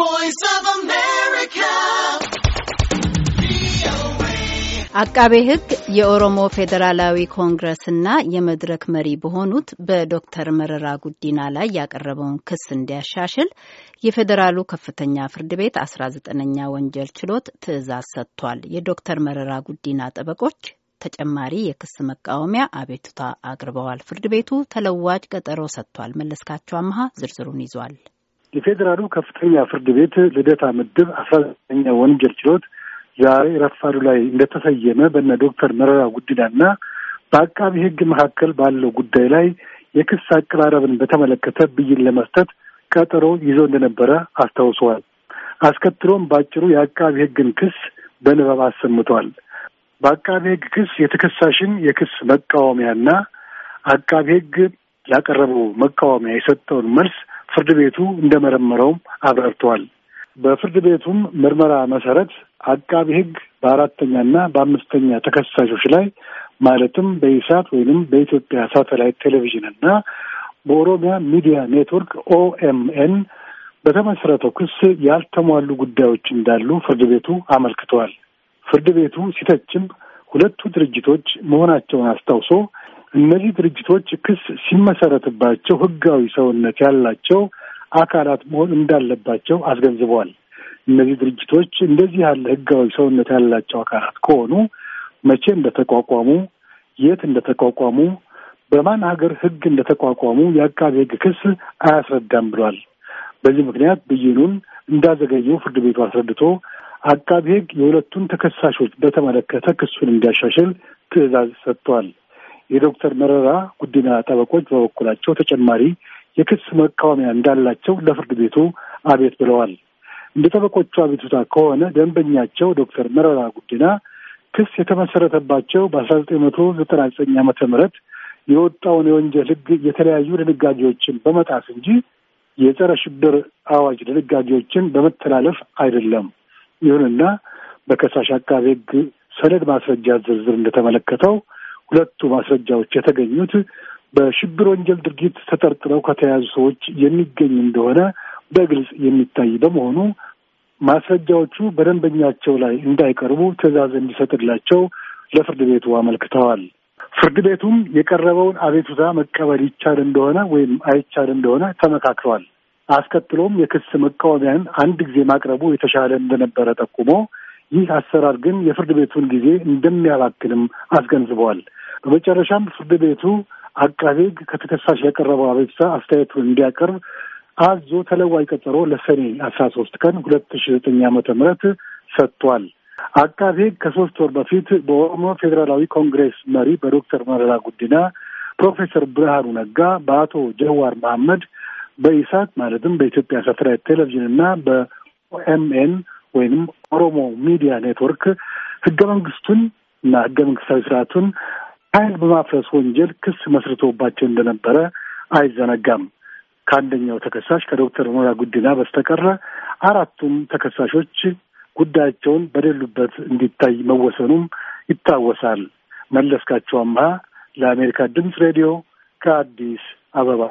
voice of America. አቃቤ ሕግ የኦሮሞ ፌዴራላዊ ኮንግረስና የመድረክ መሪ በሆኑት በዶክተር መረራ ጉዲና ላይ ያቀረበውን ክስ እንዲያሻሽል የፌዴራሉ ከፍተኛ ፍርድ ቤት 19ኛ ወንጀል ችሎት ትዕዛዝ ሰጥቷል። የዶክተር መረራ ጉዲና ጠበቆች ተጨማሪ የክስ መቃወሚያ አቤቱታ አቅርበዋል። ፍርድ ቤቱ ተለዋጭ ቀጠሮ ሰጥቷል። መለስካቸው አመሀ ዝርዝሩን ይዟል። የፌዴራሉ ከፍተኛ ፍርድ ቤት ልደታ ምድብ አስራ ዘጠነኛ ወንጀል ችሎት ዛሬ ረፋዱ ላይ እንደተሰየመ በነ ዶክተር መረራ ጉዲናና በአቃቢ ሕግ መካከል ባለው ጉዳይ ላይ የክስ አቀራረብን በተመለከተ ብይን ለመስጠት ቀጠሮ ይዞ እንደነበረ አስታውሰዋል። አስከትሎም በአጭሩ የአቃቢ ሕግን ክስ በንባብ አሰምተዋል። በአቃቢ ሕግ ክስ የተከሳሽን የክስ መቃወሚያና አቃቢ ሕግ ያቀረበው መቃወሚያ የሰጠውን መልስ ፍርድ ቤቱ እንደመረመረውም አብራርተዋል። በፍርድ ቤቱም ምርመራ መሰረት አቃቢ ሕግ በአራተኛና በአምስተኛ ተከሳሾች ላይ ማለትም በኢሳት ወይንም በኢትዮጵያ ሳተላይት ቴሌቪዥን እና በኦሮሚያ ሚዲያ ኔትወርክ ኦኤምኤን በተመሰረተው ክስ ያልተሟሉ ጉዳዮች እንዳሉ ፍርድ ቤቱ አመልክተዋል። ፍርድ ቤቱ ሲተችም ሁለቱ ድርጅቶች መሆናቸውን አስታውሶ እነዚህ ድርጅቶች ክስ ሲመሰረትባቸው ህጋዊ ሰውነት ያላቸው አካላት መሆን እንዳለባቸው አስገንዝበዋል። እነዚህ ድርጅቶች እንደዚህ ያለ ህጋዊ ሰውነት ያላቸው አካላት ከሆኑ መቼ እንደተቋቋሙ፣ የት እንደተቋቋሙ፣ በማን ሀገር ህግ እንደተቋቋሙ የአቃቤ ህግ ክስ አያስረዳም ብሏል። በዚህ ምክንያት ብይኑን እንዳዘገየው ፍርድ ቤቱ አስረድቶ አቃቢ ህግ የሁለቱን ተከሳሾች በተመለከተ ክሱን እንዲያሻሽል ትዕዛዝ ሰጥቷል። የዶክተር መረራ ጉዲና ጠበቆች በበኩላቸው ተጨማሪ የክስ መቃወሚያ እንዳላቸው ለፍርድ ቤቱ አቤት ብለዋል። እንደ ጠበቆቹ አቤቱታ ከሆነ ደንበኛቸው ዶክተር መረራ ጉዲና ክስ የተመሰረተባቸው በአስራ ዘጠኝ መቶ ዘጠና ዘጠኝ ዓመተ ምህረት የወጣውን የወንጀል ሕግ የተለያዩ ድንጋጌዎችን በመጣስ እንጂ የጸረ ሽብር አዋጅ ድንጋጌዎችን በመተላለፍ አይደለም። ይሁንና በከሳሽ አቃቤ ሕግ ሰነድ ማስረጃ ዝርዝር እንደተመለከተው ሁለቱ ማስረጃዎች የተገኙት በሽብር ወንጀል ድርጊት ተጠርጥረው ከተያዙ ሰዎች የሚገኝ እንደሆነ በግልጽ የሚታይ በመሆኑ ማስረጃዎቹ በደንበኛቸው ላይ እንዳይቀርቡ ትዕዛዝ እንዲሰጥላቸው ለፍርድ ቤቱ አመልክተዋል። ፍርድ ቤቱም የቀረበውን አቤቱታ መቀበል ይቻል እንደሆነ ወይም አይቻል እንደሆነ ተመካክሯል። አስከትሎም የክስ መቃወሚያን አንድ ጊዜ ማቅረቡ የተሻለ እንደነበረ ጠቁሞ ይህ አሰራር ግን የፍርድ ቤቱን ጊዜ እንደሚያባክንም አስገንዝበዋል። በመጨረሻም ፍርድ ቤቱ አቃቤ ሕግ ከተከሳሽ ያቀረበው አቤቱታ አስተያየቱን እንዲያቀርብ አዞ ተለዋጭ ቀጠሮ ለሰኔ አስራ ሶስት ቀን ሁለት ሺ ዘጠኝ ዓመተ ምህረት ሰጥቷል። አቃቤ ሕግ ከሶስት ወር በፊት በኦሮሞ ፌዴራላዊ ኮንግሬስ መሪ በዶክተር መረራ ጉዲና፣ ፕሮፌሰር ብርሃኑ ነጋ፣ በአቶ ጀዋር መሐመድ፣ በኢሳት ማለትም በኢትዮጵያ ሳተላይት ቴሌቪዥን እና በኦኤምኤን ወይንም ኦሮሞ ሚዲያ ኔትወርክ ህገ መንግስቱን እና ህገ መንግስታዊ ስርዓቱን ኃይል በማፍረስ ወንጀል ክስ መስርቶባቸው እንደነበረ አይዘነጋም። ከአንደኛው ተከሳሽ ከዶክተር ሞራ ጉዲና በስተቀረ አራቱም ተከሳሾች ጉዳያቸውን በሌሉበት እንዲታይ መወሰኑም ይታወሳል። መለስካቸው አምሃ ለአሜሪካ ድምፅ ሬዲዮ ከአዲስ አበባ